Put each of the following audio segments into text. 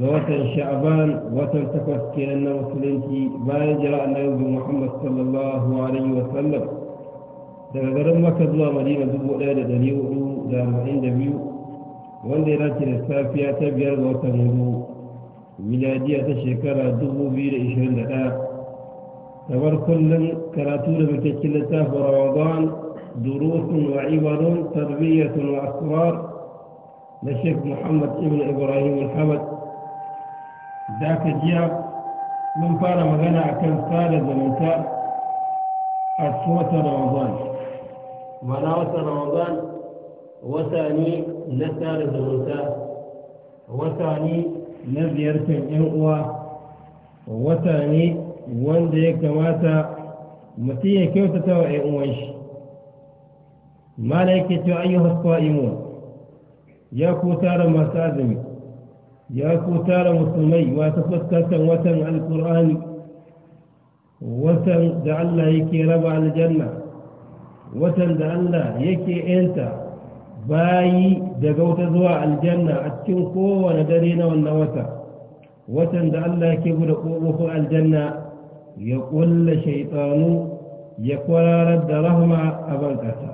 غوثن شعبان غوثن تفكير أن وصلنتي ما يجرى أن يوزي محمد صلى الله عليه وسلم تغرم وكذلا مدينة دبو أيضا دليو أدو دام عند واندي راتي نستافيا تبير غوثن هدو ولادية شكرا دبو بير إشهر لها تبر كل كراتور بتكلته ورمضان دروس وعبر تربية وأسرار لشيخ محمد ابن إبراهيم الحمد da ka jiya mun fara magana a kan sada zamanta a su wata ramadan mana wata ramadan wata ne na sada zamanta wata ne na ziyartar yan uwa wata ne wanda ya kamata mutum ya kyautata wa yan uwan shi mana yake cewa ayyuhas qa'imun ya ku tara masu azumi يا كوتار مسلمي واتفكرت وتن عن القران وتن دعلا يكي ربع الجنه وتن دعلا يكي انت باي دغوت زوا الجنه اتشن قوه ندرينا ونوتا وتن دعلا يكي بود قوه الجنه يقول الشيطان يقول رد لهما ابنكتا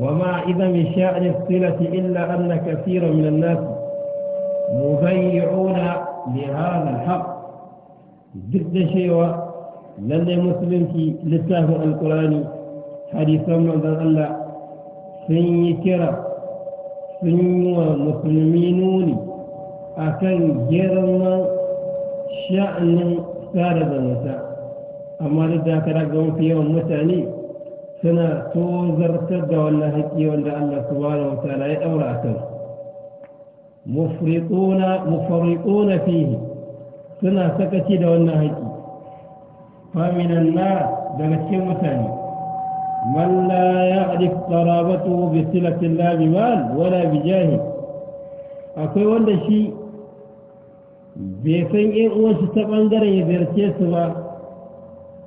وما اذا من شان الصله الا ان كثير من الناس مبيعون لهذا الحق جد شيوا لن مسلم في لسه القراني حديث من الله سن يكرا سن مسلمينون أكن جرما شأن سارد النساء أما رجع كرقهم في يوم مساني سنة توزر تدعو الله كي الله سبحانه وتعالى أولا أكبر mufariquna fihi suna sakaci da wannan haƙi faminan na daga cikin mutane man la ya'rif qarabatu bi silatin la bi wala bi jahi akwai wanda shi bai san yan uwan shi ta bangaren ya ziyarce su ba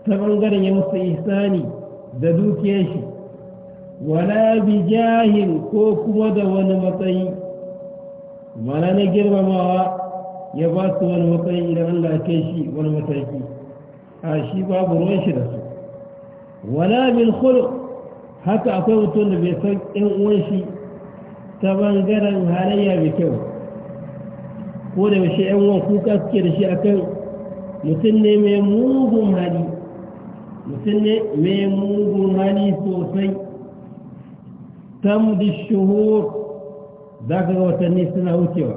ta ɓangaren ya musu ihsani da dukiyar shi wala bi jahin ko kuma da wani matsayi mana na girmamawa ya ba su wani matsayi idan Allah ya kai shi wani mataki a shi babu ruwan shi da su wala min khulu haka akwai mutum da bai san ɗan uwan shi ta bangaren halayya mai kyau ko da yaushe ɗan uwan kuka suke da shi akan mutum ne mai mugun hali mutum ne mai mugun hali sosai tamdi shuhur ذاك وتني له سوى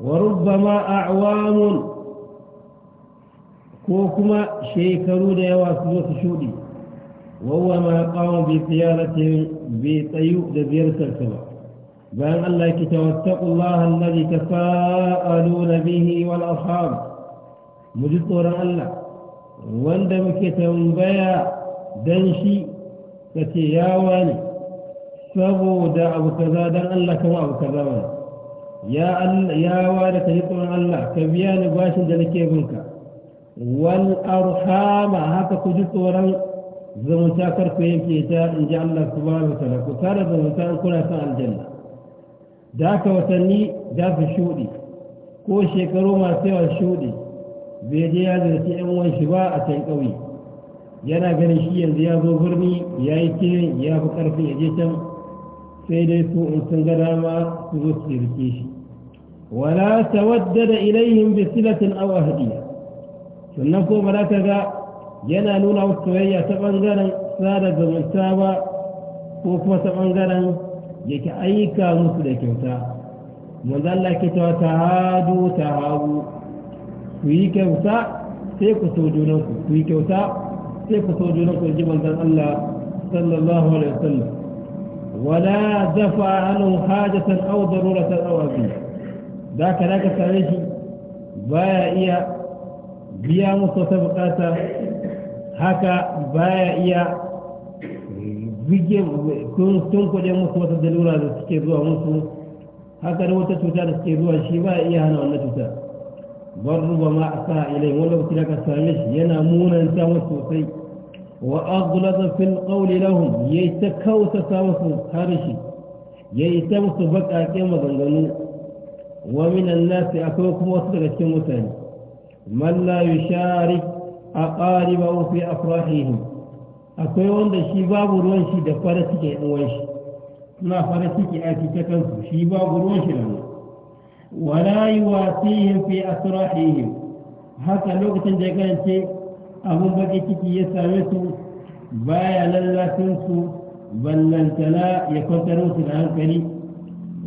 وربما أعوام كوكما شيكرو ديوا سلوك شودي وهو ما قام بصيانتهم بطيوء دبير سلسلة بأن الله يتوثق الله الذي تساءلون به والأصحاب مجدورا الله وندم كتنبيا دنشي فتياواني saboda abu kaza dan Allah kuma abu kaza ya Allah ya wada ka Allah ka biya ni bashin da nake binka wal arhama haka ku ji tsoron zumunta kar ku yanke ta in ji Allah subhanahu ta'ala ku da zumunta in kuna san aljanna da haka watanni za su shuɗe ko shekaru masu yawa shuɗe bai je ya zarci yan uwan shi ba a can ƙauye yana ganin shi yanzu ya zo birni ya yi kiran ya fi ƙarfi ya je can sai dai su in sun ga dama su zo su rike shi wala tawaddada ilaihim bi silatin aw hadiya sannan ko ba ka ga yana nuna wa soyayya ta bangaren sada zumunta ba ko kuma ta bangaren yake ayyuka musu da kyauta manzo Allah ke cewa tahadu tahawu ku yi kyauta sai ku so junanku ku yi kyauta sai ku so junanku ji manzon Allah sallallahu alaihi wasallam ولا دفع عنه حاجة أو ضرورة أو أبيه ذاك ذاك سعيش بايا إيا بيا مستطبقات هكا بايا إيا bige kun tun kuɗe musu wata dalura da suke zuwa musu haka wata cuta da suke zuwa shi ba iya hana wannan cuta bar ruba ma a sa ilai wani lokaci da ka same shi yana munanta musu sosai وأغلظ في القول لهم يتكو تساوس خارشي يتكوس بك أكيم وزنغنو ومن الناس أكوكم وصدر الشموتان من لا يشارك أقاربه في أفراحهم أكوان دا شباب الوانشي دا فارسك الوانشي لا فارسك آتي تكنسو شباب الوانشي لهم ولا يواسيهم في أفراحهم هكا لوقت جاكان شيء abun baki ciki ya same su baya lallacin su ballantana ya kwantar musu da hankali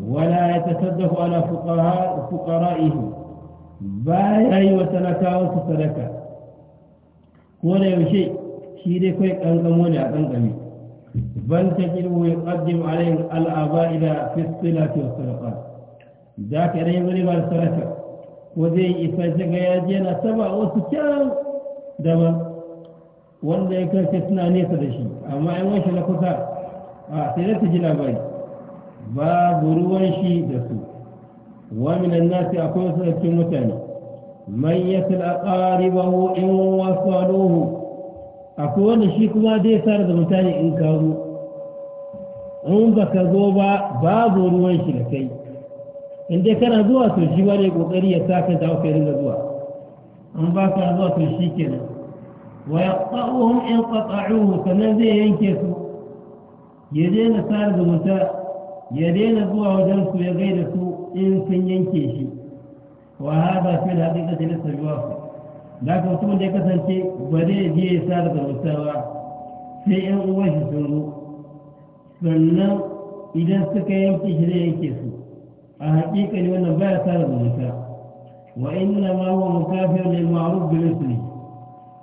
wala ya ku ala Ba ya yi wa talakawa su sadaka ko da yaushe shi dai kai kankamo ne a kankami ban ta kiru ya qaddim alayhim al'aba ila fi salati wa sadaqat Za ka rai wani ba sadaka ko zai isa daga yaji yana saba wasu kyau. daban wanda ya kai suna nesa da shi amma yan wanshi na kusa a sai da su ji labari babu ruwan shi da su waminan nasi akwai wasu cikin mutane man ya tilakari ba in wasaluhu akwai wanda shi kuma zai tsara da mutane in ka in ba ka zo ba babu ruwan shi da kai in dai kana zuwa to shi ba ne kokari ya sa ka dawo kai da zuwa an ba ka zuwa to shi kenan wa yaqta'uhum in qata'uhu sannan zai yanke su ya daina da zumunta ya daina zuwa wajen su ya gaida su in sun yanke shi wa haɗa fi al-haqiqati la sabiwa da ka mutum da ya kasance ba zai je ya da zumunta ba sai ƴan uwan shi sun zo sannan idan suka yanke shi zai yanke su a haƙiƙa ne wannan baya da zumunta wa'inna ma wa mukafiyar da ma'aru biyu su ne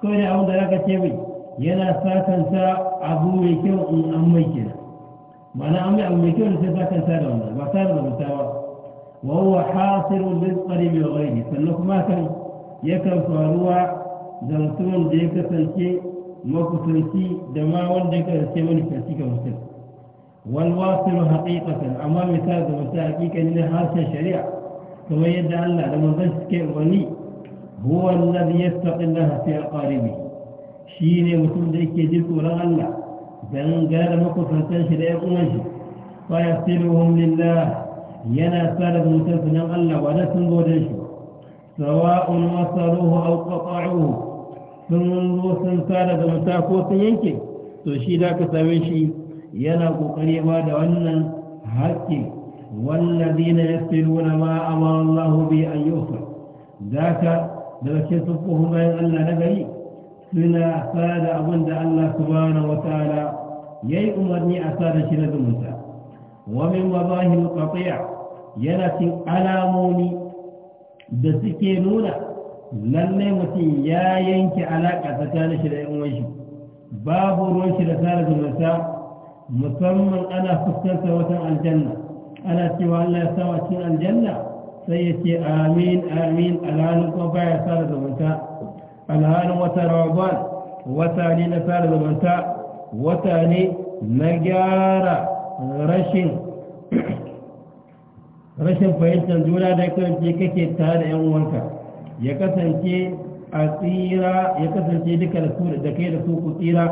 kawai da abin da ya kace bai yana sa kansa abu mai kyau in an mai kira mana an mai abu kyau da sai sa da wanda ba sa da ba mutawa wani wa hasiru lissari mai wa sannan kuma kan ya kan faruwa da mutumin da ya kasance mafusanci da ma wanda ya kasance wani kasance ka mutum walwasu haƙiƙatan amma mai sa da mutum a ƙiƙanin harshen shari'a kuma yadda Allah da manzon suke wani huwa alladhi yastaqillaha fi aqaribi shine mutum da yake ji tsoron Allah dan gara muku da ya kuma shi fa yasiluhum lillah yana sarar mutum sunan Allah wa da sun gode shi sawa'un wasaluhu aw qata'uhu sun zo sun sarar da ko sun yanke to shi da aka same shi yana ya ba da wannan hakki والذين يفعلون ما أمر الله به أن يفعل ذاك ذلك سبهم بين ألا نبري سنا فاد أبند الله سبحانه وتعالى يي أمرني أساد شرد موسى ومن وظاهر القطيع ينتي ألاموني دسكي نونا لن متي يا ينكي علاقة تكان شرد أمشي باب روش رسالة موسى musamman ana fuskantar watan aljanna ana cewa Allah ya sawa cikin aljanna sai ya ce amin amin alhalin ko baya sa da zamanta alhalin wata rawaban wata ne na sa da zamanta wata ne na gyara rashin rashin fahimtar juna da kasance kake tare da yan uwanka ya kasance a tsira ya kasance duka da su da kai da su ku tsira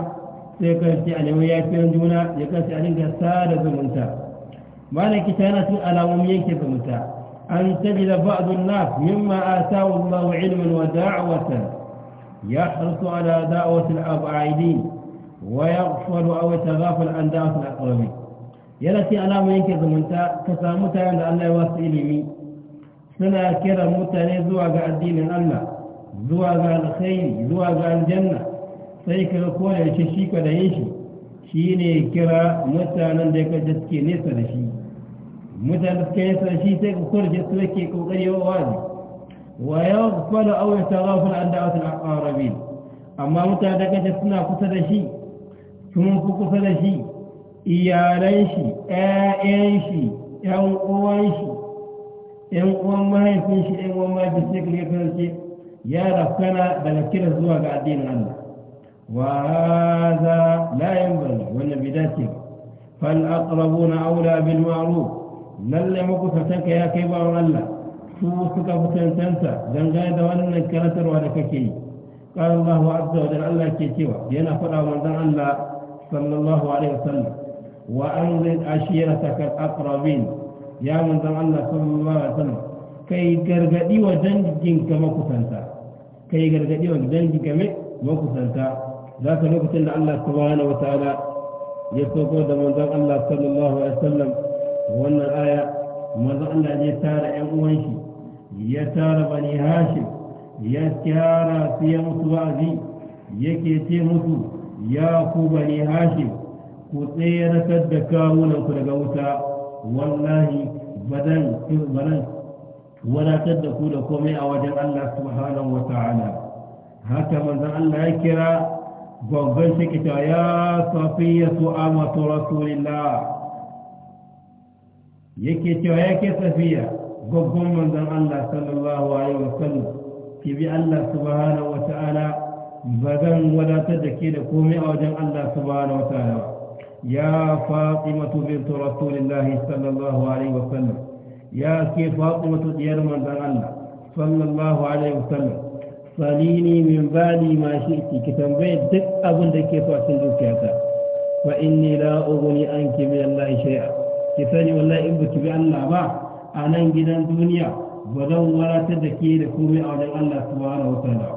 sai kasance a neman yafiyan juna ya kasance a dinga sa da zumunta مالك كانت على وميك فمتى أن تجد بعض الناس مما آتاه الله علما ودعوة يحرص على دعوة الأبعيدين ويغفر أو يتغافل عن دعوة الأقربين يلتي أنا وميك فمتى كسامتا عند الله واسئلي مي سنة كرمتا لزواج الدين الله زواج الخير زواج الجنة سيكون كل شيء ولا يشوف shi ne kira mutanen da ya kaji suke nesa da shi mutanen suke nesa da shi sai ka kurje su yake kokari yawa wani wa ya fada au ya an da wasu arabi amma mutanen da kaji suna kusa da shi sun fi kusa da shi iyalan shi ƴaƴan shi ƴan uwan shi ƴan uwan mahaifin shi ƴan uwan mahaifin shi ya rafkana daga kira zuwa ga addinin Allah وهذا لا ينبغي ولا بداته فالأقربون أولى بالمعروف لن مكفتك يا كبار الله شو فتن تنسى ولن وأن كرتر ولككي قال الله عز وجل الله كيتيوا ينا فلا من الله صلى الله عليه وسلم وأنزل عشيرتك الأقربين يا من الله صلى الله عليه وسلم كي كرغدي وجنجنك مكتنتا كي كرغدي وجنجنك مكتنتا ذاك الوقت إن الله سبحانه وتعالى يسوكو دا من ذا الله صلى الله عليه وسلم وأن الآية من ذا الله يتارى يموانشي يتارى بني هاشم يتارى في وعزي يكيتي مسو يا بني هاشم كثير تدكاون كلغوتا والله بدن بدن ولا تدكوا لكم أوجه الله سبحانه وتعالى هكذا من ذا الله يكرى babban shi ta ya safiya su amatu rasulillah yake cewa yake safiya babban manzan Allah sallallahu alaihi wasallam ki bi Allah subhanahu wataala ba zan wadatar da ke da komai a wajen Allah subhanahu wataala ya fatimatu bintu rasulillahi sallallahu alaihi wasallam ya ke fatimatu diyar manzan Allah sallallahu alaihi wasallam falini min bali ma shirki ki tambaye duk abin da ke fasin dukiyata fa inni la ughni anki min Allah shay'a ki sani wallahi in baki bi Allah ba a nan gidan duniya ba zan wadatar da ke da komai a wajen Allah subhanahu wataala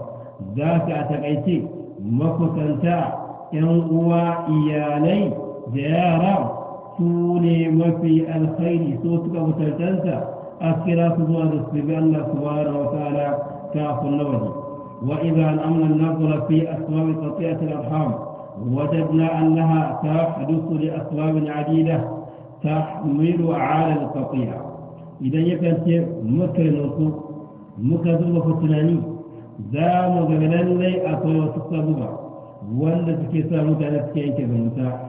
za ka a takaice makusanta yan uwa iyalai da yara su ne mafi alkhairi so suka mutartansa a kira su zuwa da su bi Allah subhanahu wataala kafin na waje وإذا أنأمنا النظر في أسباب قطيعة الأرحام وجدنا أنها تحدث لأسباب عديدة تحمل على القطيعة إذا يكنت مكر نصو مكذوب فتناني za mu ga lallai akwai wasu sabuwa wanda suke sa mutane suke yanke zumunta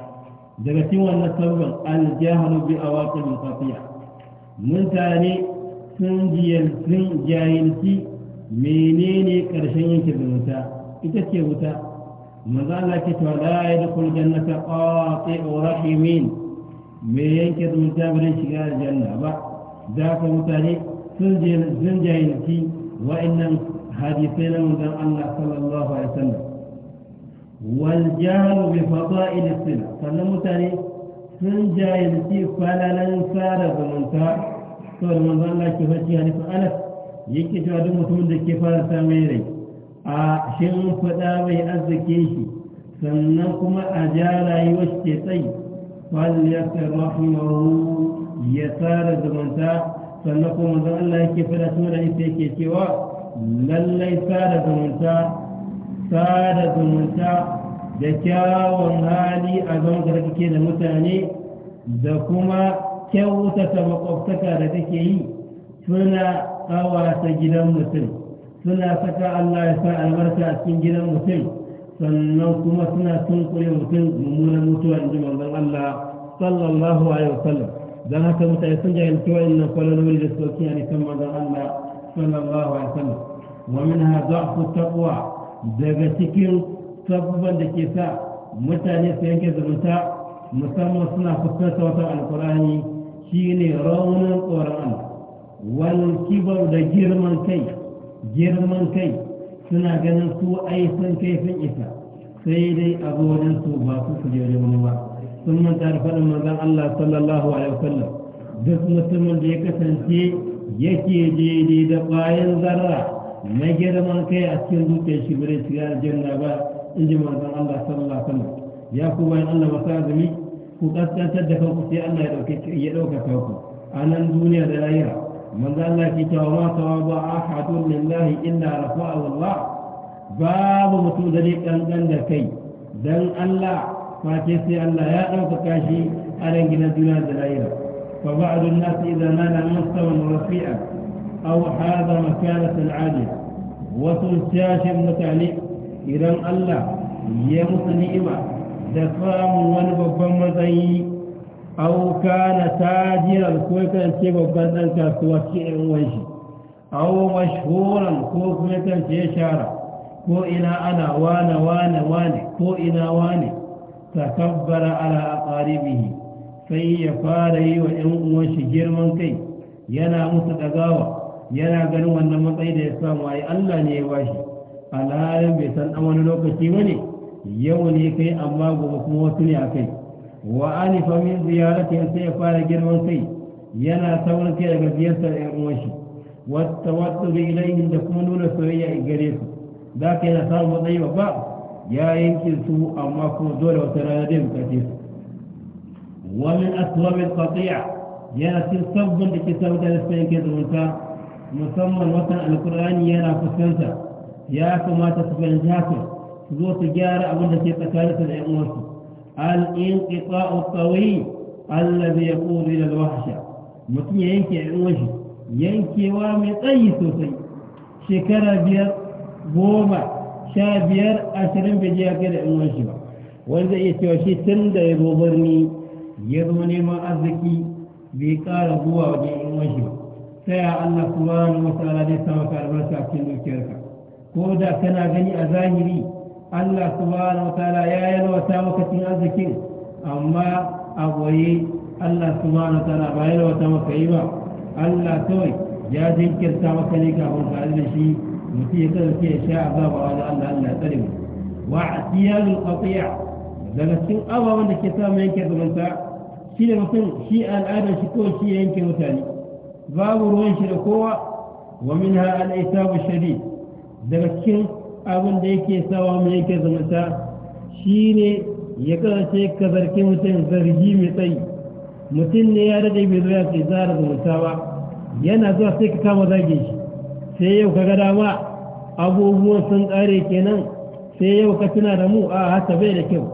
daga cikin wannan sabuwan aljahalu bi awaqil mutane sun jiyal sun menene karshen yanke da wuta ita ce wuta manzo Allah ke cewa la yadkhul jannata qati'u rahimin me yanke da wuta ba zai shiga aljanna ba da ka mutane sun je sun jahilci wa'annan hadisai na manzon Allah sallallahu alaihi wasallam wal jahl bi fada'il sila sannan mutane sun jahilci falalan sada zumunta saboda manzo Allah ke faɗi hadisi Anas yake cewa duk mutumin da ke fara samun rai a shin faɗa mai arziki shi sannan kuma a ja rayuwar shi ke tsayi faliyarsa kuma ya tsara zumunta sannan kuma zan Allah ke faɗa tun da ita yake cewa lallai tsara zumunta tsara zumunta da kyawun hali a zama da kake da mutane da kuma kyautata makwabtaka da kake yi suna kawata gidan mutum suna saka Allah ya sa albarka a cikin gidan mutum sannan kuma suna tunkure mutum mummunan mutuwa inda manzon Allah sallallahu alaihi wasallam dan haka mutane sun jahilci wa'annan kwalaloli da sauki a nisan manzon Allah sallallahu alaihi wasallam wa minha da'fu taqwa daga cikin sabban da ke sa mutane su yanke zumunta musamman suna fuskantar wata alkurani shine raunin tsoron Allah wal kibar da girman kai girman kai suna ganin su ai sun kai sun isa sai dai a wajen su ba su kujere wani ba sun manta da faɗin manzon Allah sallallahu alaihi wasallam duk mutumin da ya kasance yake daidai da bayan zarra na girman kai a cikin zuciyar shi bare shiga aljanna ba in ji manzon Allah sallallahu alaihi wasallam ya ku bayan Allah ba sa azumi ku kaskantar da kanku sai Allah ya ɗaukaka ku a nan duniya da lahira من ذا الله كتاب ما أحد لله إلا رفعه الله باب متوذلي كان كي دن الله فاتسي الله يا أوكاشي أرنجنا دون دلائرة فبعض الناس إذا نال مستوى رفيعا أو هذا مكانة عالية وصل شاشا متعلق إذا الله يمسني إما دفام ونبفم مزيد aw kana tajiran ko kasance babban dan kasuwa ce yan wanshi aw mashhuran ko kuma kasance shara ko ina ana wane wane wane ko ina wane takabbara ala aqaribihi sai ya fara yi wa yan uwan shi girman kai yana musu dagawa yana ganin wannan matsayi da ya samu ai Allah ne ya bashi alhalin bai san dan wani lokaci bane yau ne kai amma gobe kuma wasu ne a kai wa alifa min ziyarati sai ya fara girman kai yana saurin kai daga ziyartar ƴan uwanshi wata wata da kuma nuna soyayya a gare su za ka yana samun matsayi babba ya yanki su amma kuma dole wata rana zai bukace su wa min aswabil qati'a yana cin sabbin da ke saboda da sai ke zumunta musamman watan alkurani yana fuskanta ya kamata su fahimci haka su zo su gyara abin da ke tsakaninsa da ƴan uwansu الانقطاع الطويل الذي يقود الى الوحشه متي ينكي وجه ينكي وامي طيسوسي شكرا بير بوما شابير اشرم بجيا كده وجهه وإذا يتوشي سند يبوبرني يضمني ما ازكي بيقال هو وجه وجهه فيا الله سبحانه وتعالى لسا وكاربرسا كنو كيركا كودا كنا غني أذاني Allah subhanahu wataala ya yalwata maka cin arzikin amma a goye Allah subhanahu wataala ba yalwata maka yi ba Allah kawai ya jinkirta maka ne kafin ka da shi mutum ya kasance ya sha azaba wa Allah Allah ya tsare mu wa atiyalul qati'a daga cikin ababen da ke samu yanke zumunta shi da mutum shi al'adar shi ko shi yanke mutane babu ruwan shi da kowa wa minha al-isabu shadid daga cikin abin da yake sawa mai yake zumunta ne ya kasance ka zarki mutum zargi mai tsayi mutum ne ya daɗe bai zuwa sai zara zumunta ba yana zuwa sai ka kama zage shi sai yau ka ga dama abubuwan sun ƙare kenan sai yau ka tuna da mu a haka bai da kyau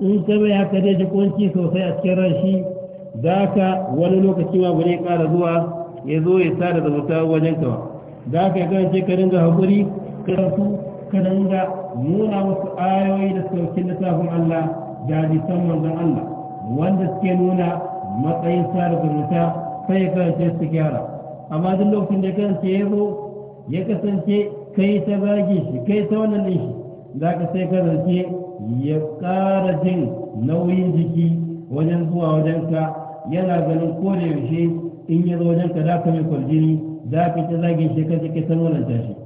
in ka bai haka dai ji kunci sosai a cikin ran shi za ka wani lokaci ma ba zai ƙara zuwa ya zo ya sa da zumunta wajen ka za ka yi kasance ka dinga haƙuri ka suka danga nuna wasu ayoyi da saukin littafin Allah da jisan manzon Allah wanda suke nuna matsayin sada mutu sai ya kasance su gyara amma duk lokacin da kasance ya ya kasance kai ta zage shi kai ta wannan ne shi za ka sai kasance ya ƙara jin nauyin jiki wajen zuwa wajenka yana ganin ko da yaushe in ya zo wajenka za ka mai kwaljini za ka ta zage shi kai ta nuna shi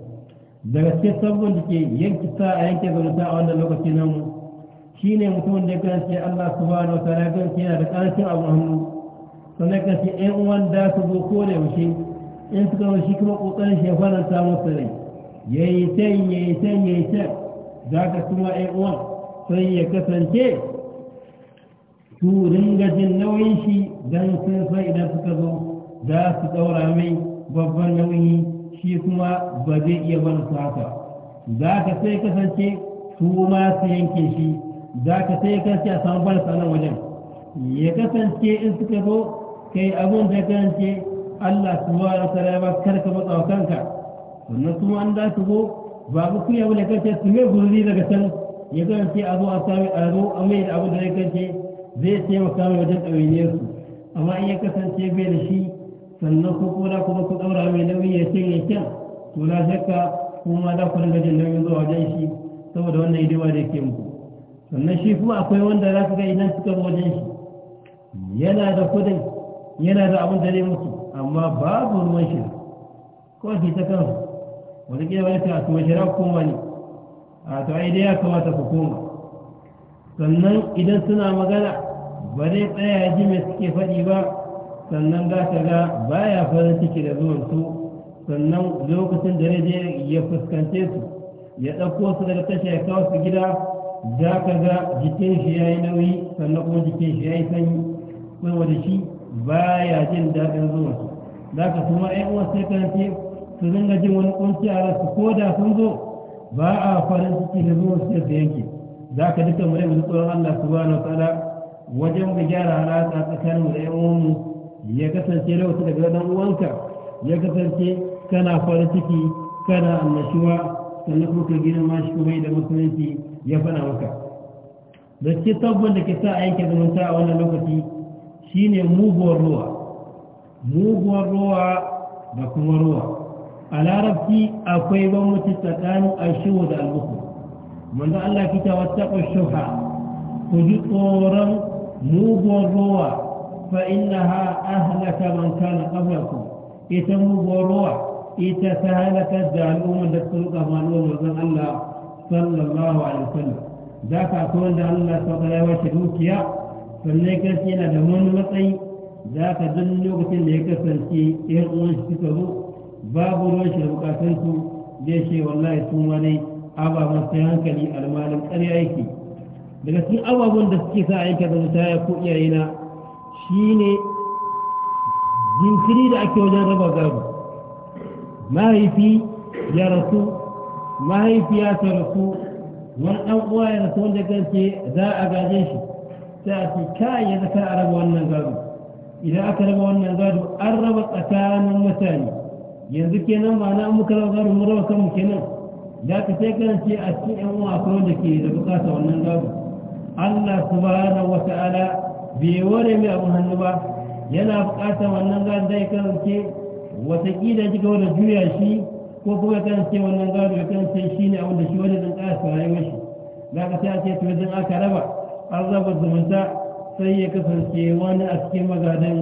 daga cikin sabbin da ke yanki sa a yanke zumunta a wannan lokaci nan shi ne mutumin da ya ce Allah subhanahu wa ta'ala ya ce yana da karancin abu hannu sannan ce ɗan uwan da su zo ko da yaushe in suka zo shi kuma ƙoƙarin shi ya faranta musu rai ya yi can ya yi can ya yi can za ka kuma ɗan uwan sai ya kasance su ringa jin nauyin shi don sun san idan suka zo za su ɗaura mai babban nauyi shi kuma ba zai iya barin su haka za ka sai kasance su ma su yanke shi za ka sai kasance a samu barin sanar wajen ya kasance in suka zo kai abin da kasance Allah ba da ta'ala ba karka matsawa kanka sannan su an da su zo ba ku kuya wani kasance su mai guzuri daga can ya kasance a zo a sami a zo a mai da abu da ya kasance zai taimaka mai wajen ɗawainiyar su amma in ya kasance bai da shi sannan ko kuma kuma ku daura mai nauyi ya ya kyan to na shakka kuma za ku dinga jin nauyin zuwa wajen shi saboda wannan hidima da ke muku sannan shi kuma akwai wanda za ka ga idan suka zo wajen shi yana da kudin yana da abin da zai mutu amma babu ruwan shi ko shi ta kansu wani gina wani ta shi shira kuma ne a to ai dai ya kamata ku koma sannan idan suna magana ba zai tsaya ya ji mai suke faɗi ba sannan za ka ga ya fara ciki da zuwan su sannan lokacin da je ya fuskance su ya ɗauko su daga tashi ya kawo su gida za ka ga jikin shi ya yi nauyi sannan kuma jikin shi ya yi sanyi saboda shi ba ya jin daɗin zuwan su za ka kuma ƴan uwan sai ce su dinga jin wani ƙunci a rasu ko da sun zo ba a farin ciki da zuwan su yadda yake za ka duka mu rai mu tsoron Allah subhanahu wa ta'ala wajen mu gyara alaƙa tsakanin mu da ƴan uwan ya kasance lokacin daga dan uwanka ya kasance kana farin ciki kana annashuwa sannan kuma ka gina mashi kuma da musulunci ya fana maka da ke tabbon da ke sa aiki zumunta a wannan lokaci shine muguwar ruwa muguwar ruwa da kuma ruwa a larabci akwai bambanci tsakanin ashiwa da albuku manzo Allah kita wata shuha ku ji tsoron muguwar ruwa فإنها أهلك من كان قبلكم يتم بروع يتسهلك الزعلوم لتسلق أمانون وزن الله صلى الله عليه وسلم ذاك أقول أن الله سبحانه وتعالى فلنك سينا دمون مطي ذاك دنوك سينيك سنسي إرغوش تكبو باب روش ربك سنسو ديشي والله سوماني أبا مستيانك لي المال الأريعيكي لكن أبا من دسكي ساعيك sa aikata هنا shine jinkiri da ake wajen raba gado mahaifi ya rasu mahaifi ya ta rasu wani ɗan uwa ya rasu wanda gaske za a gaje shi sai a ce kai ya zaka a raba wannan gado idan aka raba wannan gado an raba tsakanin mutane yanzu kenan ba na muka raba gado mu raba kanmu kenan da ka sai kan ce a cikin yan uwa akwai wanda ke da bukata wannan gado Allah subhanahu wa ta'ala bai ware mai abu hannu ba yana bukatar wannan gado zai kasance watakila ya cika wanda juya shi ko kuma ce wannan gado ya kasance shi ne abin da shi wani zan kara saurayi shi za ka sai a ce to don aka raba azabar zumunta sai ya kasance wani a cikin magadan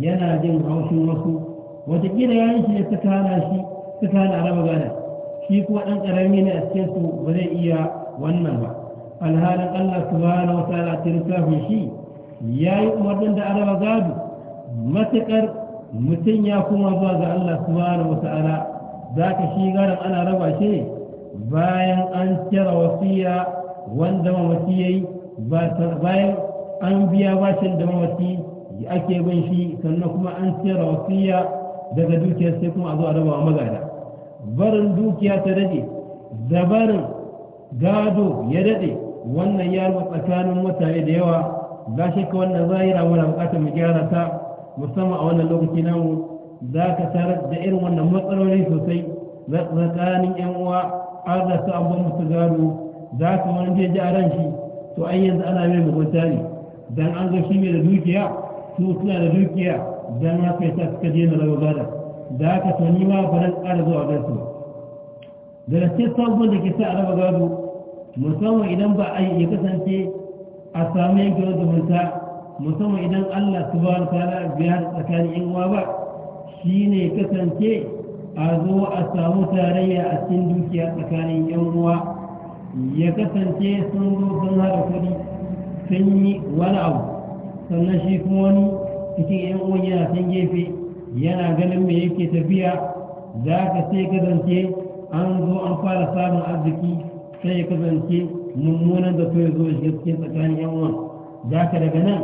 yana jin haushin wasu watakila yi shi ne suka hana shi suka hana raba gada shi kuma ɗan ƙarami ne a cikin su ba zai iya wannan ba alhalin allah subhanahu wa ta'ala tilkafin shi ya yi umarnin da araba gado matuƙar mutum ya kuma zuwa ga Allah su wasu wata'ala za ka shi garin ana raba shi bayan an cire wasiya wanda mamaci ya yi bayan an biya bashin da mamaci ake bin shi sannan kuma an cire wasiya daga dukiyar sai kuma a zo raba wa magada barin dukiya ta daɗe da barin gado ya daɗe wannan ya tsakanin mutane da yawa za shi ka wannan zahira muna bukatar mu gyara ta musamman a wannan lokaci namu za ka da irin wannan matsaloli sosai tsakanin yan uwa da su abin musu gado za ka wani je ji a ran shi to ai yanzu ana mai mugunta ne dan an ga shi mai da dukiya su suna da dukiya dan haka yasa suka je na raba gada za ka tuni ma ba zan zuwa gansu da rasitin sabon da ke sa a raba gado musamman idan ba a ya kasance a samu yankewar zumunta musamman idan allah su ba ta biya tsakanin yan uwa ba shi ne kasance a zo a samu tarayya a cikin dukiya tsakanin yan uwa ya kasance sun zo sun haɗa kuɗi sun yi wani abu sannan shi kuma wani cikin yan uwan yana can gefe yana ganin me yake tafiya za ka sai kasance an zo an fara samun arziki sai ya kasance mummunan da kai zo shi cikin tsakanin yan uwa, za ka daga nan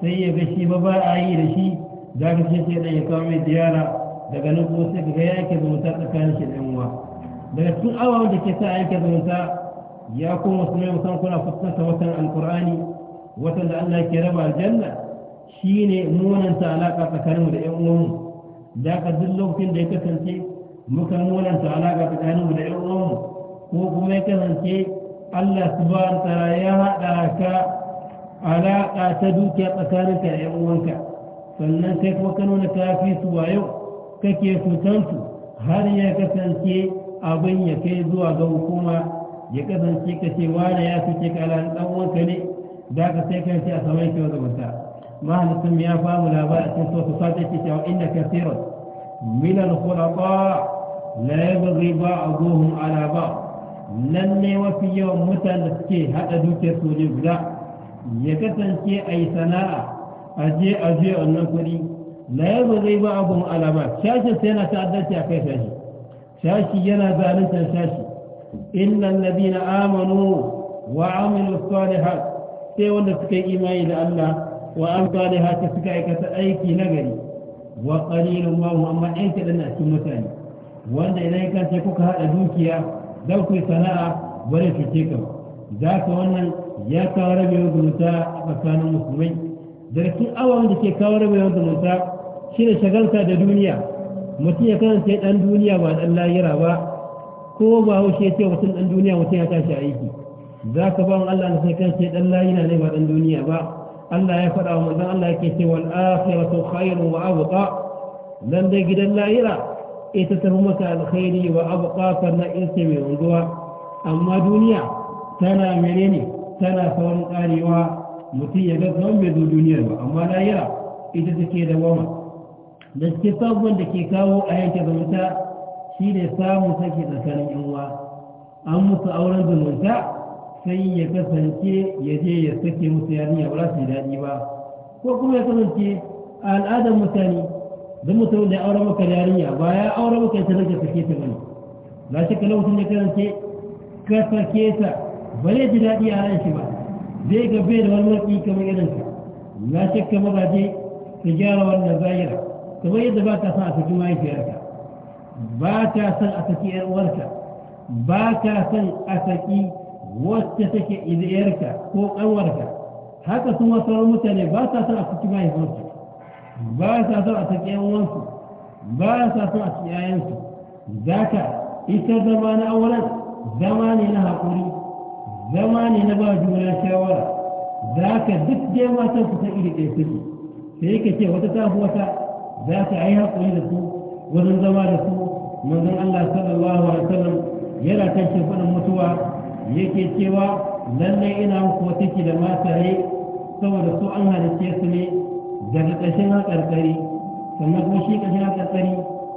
sai ya ga shi ba ba a yi da shi za ka ce sai ya kawo mai ziyara daga nan kuma sai ka ga ya ke zumunta tsakanin shi yan uwa daga cikin awa wanda ke sa yake zumunta ya kuma wasu mai musan kuna fuskanta watan alkur'ani watan da allah ke raba aljanna shine munanta alaƙa tsakaninmu da yan uwanmu da ka duk lokacin da ya kasance muka munanta alaƙa tsakaninmu da yan uwanmu ko kuma ya kasance Allah subhanahu ta'ala ya haɗa ka alaƙa ta dukiya tsakaninka da 'yan uwanka sannan kai kuma ka nuna fi su wayo kake su har ya kasance abin ya kai zuwa ga hukuma ya kasance ka ce wane ya ce ka ala ɗan uwanka ne da ka sai kan ce a saman wata kyau zamanta mahalicin ya famu labarin cikin sosu fata ke cewa inda kasirar min al-khulaqa la yabghi ba'dhum ala ba'd Nanne mafi yawan mutane da suke haɗa dukiyar soje guda ya kasance a yi sana'a a je a je wannan kuɗi la yazo zai ba abun alama Shashi sai yana ta'addanci a kai shashi shashi yana zaluntar shashi innal ladina amanu wa amilu salihat sai wanda suka yi imani da Allah wa an salihat suka aikata aiki nagari wa qalilun ma hum amma ɗan kaɗan a cikin mutane wanda idan ka kuka haɗa dukiya za ku yi sana'a ba da cuce ka za ka wannan ya kawo rabewar zumunta a tsakanin musulmai daga cikin awon da ke kawo rabewar zumunta shi ne shagalta da duniya mutum ya kasance dan duniya ba ɗan layira ba ko ba haushe ce mutum dan duniya mutum ya tashi aiki za ka ba Allah na sai kasance dan layira ne ba dan duniya ba Allah ya faɗa wa manzon Allah yake cewa al-akhiratu khairun wa abqa dan dai gidan layira ita ta fi masa alkhairi wa abuƙa sannan ita mai wanzuwa amma duniya tana mere ne tana saurin ƙarewa mutum ya ga tsawon bai zo duniyar ba amma lahira ita take da goma. da suke sabon da ke kawo a yanke zumunta shi ne samun sake tsakanin yanwa an musu auren zumunta sai ya kasance ya je ya sake musu yarinya ba za su yi daɗi ba ko kuma ya kasance a al'adar mutane don mutum da aure maka yarinya ba ya aure maka ita nake sake ta bane ba shi kala mutum ya karance ka sake ta ba zai ji daɗi a ran shi ba zai ga bai da wani wani kamar irin ka shi shakka mazaje ka gyara wannan zahira kamar yadda ba ka san a saki mahaifiyarka ba ka san a saki yar uwarka ba ka san a saki wacce take idiyarka ko ƙanwarka haka kuma sauran mutane ba sa san a saki mahaifinsu ba sa son a saki yawansu ba sa a saki yayansu za ka ita zama na auren zama ne na haƙuri zama ne na ba juna shawara za ka duk dai matan su ta iri ɗaya suke sai ka ce wata ta wata za ka yi haƙuri da su wajen zama da su manzon Allah sallallahu alaihi wasallam yana kan shimfiɗin mutuwa yake cewa lallai ina muku wata da mata saboda su an halicce su ne daga ƙashin haƙarƙari sannan kuma shi ƙashin haƙarƙari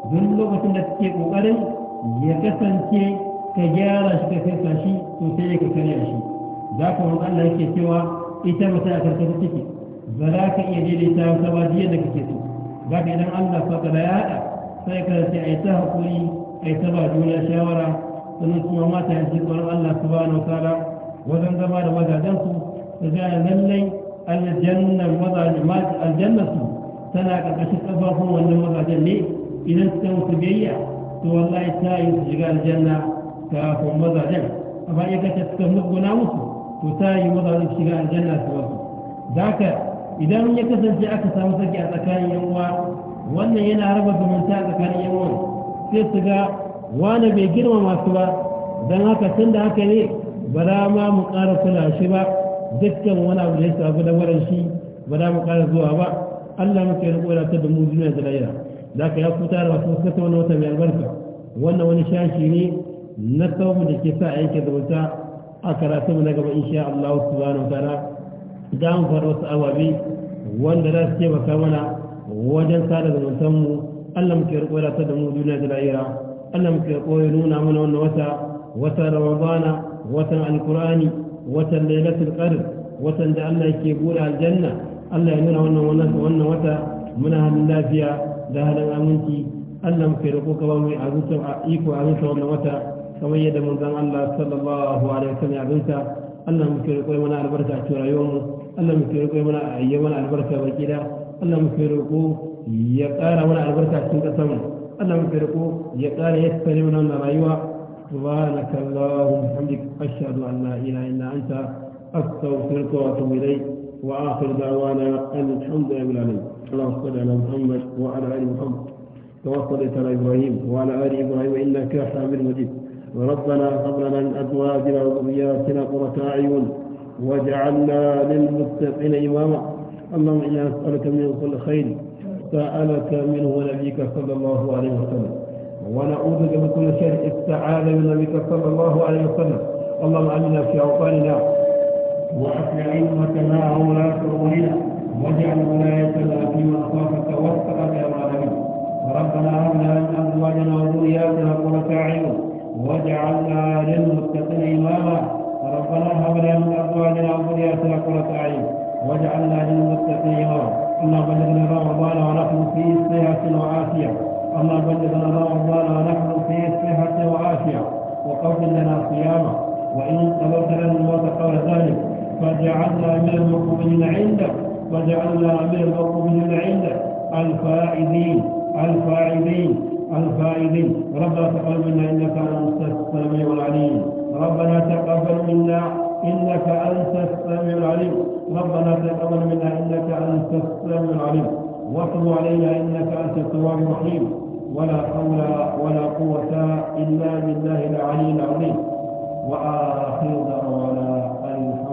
duk lokacin da suke ƙoƙarin ya kasance ka gyara shi ka firka shi to sai ka karya shi za ka wani Allah yake cewa ita mata a karkata ciki ba za ka iya daidaita wata ba jiya da kake so za ka idan Allah faka da ya haɗa sai ka ce a yi ta haƙuri a yi ta ba juna shawara sannan kuma mata yanzu ƙwarar Allah ba na wasara wajen zama da wajajensu da jaya lallai aljannar mazaje masu aljannar su tana ƙarƙashin ƙafafun wannan mazajen ne idan suka musu biyayya to wallahi ta yi su shiga aljanna kafin mazajen amma ya kace suka muguna musu to ta yi mazajen shiga aljanna su wasu zaka idan ya kasance aka samu saki a tsakanin yan uwa wannan yana raba zumunta a tsakanin yan uwa sai su ga wani bai girma masu ba don haka tun da haka ne ba za ma mu ƙara kula shi ba dukkan wani abu da ya shafi na waran shi ba za mu ƙara zuwa ba Allah muke riko da ta da biyu duniya da lahira da ka ya kuta da wasu kasa wani wata mai albarka wannan wani shashi ne na tsawon da ke sa aiki da wuta a karatu mu na gaba insha Allah subhanahu wa ta'ala da mu fara wasu ababe wanda za su baka mana wajen sada mu? Allah muke riko da ta da biyu duniya da lahira Allah muke riko ya nuna mana wannan wata wata Ramadana watan Alkur'ani watan lailatul qadr watan da Allah yake bude aljanna Allah ya nuna wannan wannan wannan wata muna halin lafiya da halin aminci Allah mu kai roƙo ka ba mu azuta iko azuta wannan wata kamar yadda manzon Allah sallallahu alaihi wasallam ya azuta Allah mu kai roƙo mana albarka a cikin rayuwar mu Allah mu kai roƙo mana ayyuka mana albarka ba gida Allah mu kai roƙo ya ƙara mana albarka cikin ƙasar mu Allah mu kai roƙo ya ƙara yasfare mana rayuwa سبحانك اللهم وبحمدك أشهد أن لا إله إلا أنت أستغفرك وأتوب إليك وآخر دعوانا أن الحمد لله العالمين اللهم صل على محمد وعلى آل محمد كما صليت على إبراهيم وعلى آل إبراهيم إنك حميد مجيد ربنا هب لنا من أزواجنا وذرياتنا قرة أعين واجعلنا للمتقين إماما اللهم إنا نسألك من كل خير سألك منه نبيك صلى الله عليه وسلم ونعوذ بك من كل شر استعاذ من صلى الله عليه وسلم اللهم امنا في اوطاننا واصل امتنا وولاة امورنا واجعل ولايتنا في من خافك واتقاك يا العالمين ربنا هب لنا من ازواجنا وذرياتنا قرة اعين واجعلنا للمتقين اماما ربنا هب لنا من ازواجنا وذرياتنا قرة اعين واجعلنا للمتقين اماما اللهم بلغنا رمضان وجعلنا من المقومين عنده وجعلنا من المقومين عنده الفائزين الفائزين الفائزين ربنا تقبل منا انك انت السميع العليم ربنا تقبل منا انك انت السميع العليم ربنا تقبل منا انك انت السميع العليم واتب علينا انك انت التواب الرحيم ولا حول ولا قوه الا بالله العلي العظيم واخر دعوانا الحمد